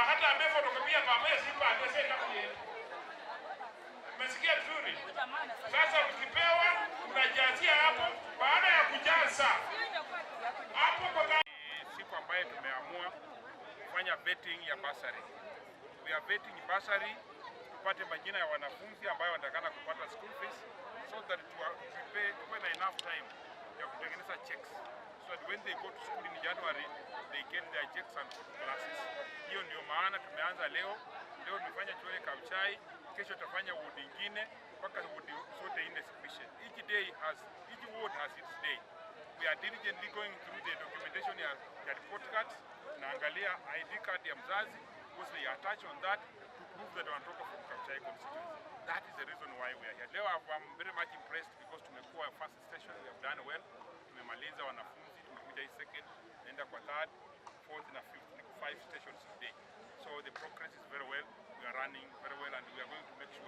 wakati amefotokopia pamoja Simba amesema kule. Mmesikia vizuri? Sasa mkipewa mnajazia hapo, baada ya kujaza hapo kwa siku ambayo tumeamua kufanya vetting ya basari. We are vetting basari tupate majina ya wanafunzi ambayo wanatakana kupata school fees so that tuwe na enough time ya kutengeneza checks so that when they go to school in January they get their checks and maana tumeanza leo. Leo tumefanya Chole Kabuchai, kesho tutafanya ward nyingine mpaka ward zote nne sufficient. Each day has each ward has its day. We are diligently going through the documentation ya the report cards. Tunaangalia ID card ya mzazi because they attach on that to prove that wanatoka from Kabuchai constituency. That is the reason why we are here. Leo I'm very much impressed because tumekuwa first station, we have done well. Tumemaliza wanafunzi, tumekuja second, naenda kwa third, fourth na fifth, five stations today. so the progress is very well. We are running very well, and we are going to make sure.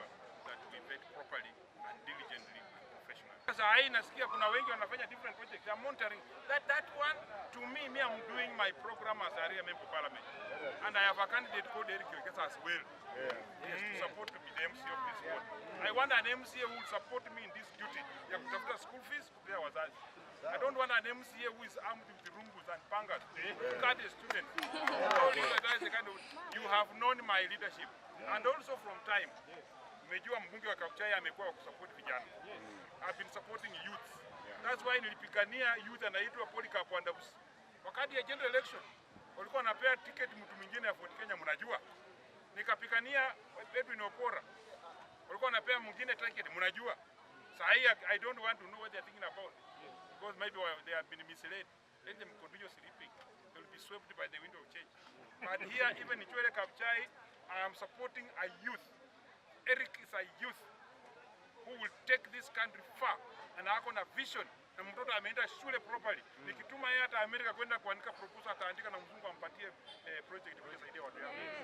hii nasikia kuna wengi wanafanya different projects. i monitoring that that one to me me I'm doing my program as area member parliament and I have a candidate called Eric as well. Yeah. Yes, mm. to support me the MC of this I want an MCA who will support me in this duty ya kutafuta school fees kupea wazazi. I don't want an MCA who is armed with rungus and pangas eh, student. the oh, you have known my leadership and also from time. Umejua mbunge wa Kabuchai amekuwa wa kusupport vijana. Yes. Hmm. I've been supporting youth. Yeah. That's why nilipigania youth anaitwa Polycarp Wandabus. Wakati ya general election walikuwa wanapea ticket mtu mwingine ya Fort Kenya, mnajua. Nikapigania Edwin Opora. Walikuwa wanapea mwingine ticket mnajua. Sasa so I I don't want to know what they are thinking about. Yes. Because maybe they have been misled. Let them continue sleeping. They will be swept by the wind of change. But here even in Chwele Kabuchai I am supporting a youth Eric is a youth who will take this country far and ako na vision na mtoto ameenda shule properly. Mm. Nikituma yeye hata Amerika kwenda kuandika proposal ataandika na mzungu ampatie eh, project kujisaidia watu yao.